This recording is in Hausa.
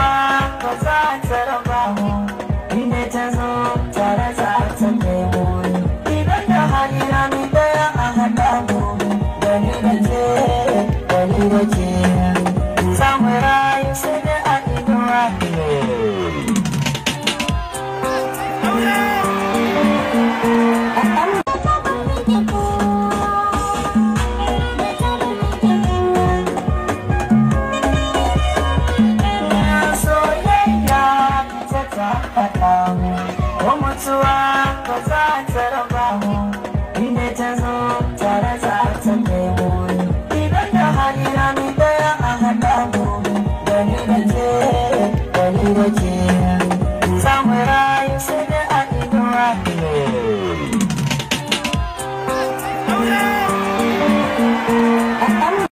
kowa ba za ta raba mu inda ta zo tare za ta nemo ni idan da hali mi daya a haɗa mu da ni da ke da da ke samun rayu sai da a inuwa mutuwa ba za ta raba mu inda ta zo tare za ta kai mu idan da hali na mi daya a haɗa mu da ni da ke da ni da ke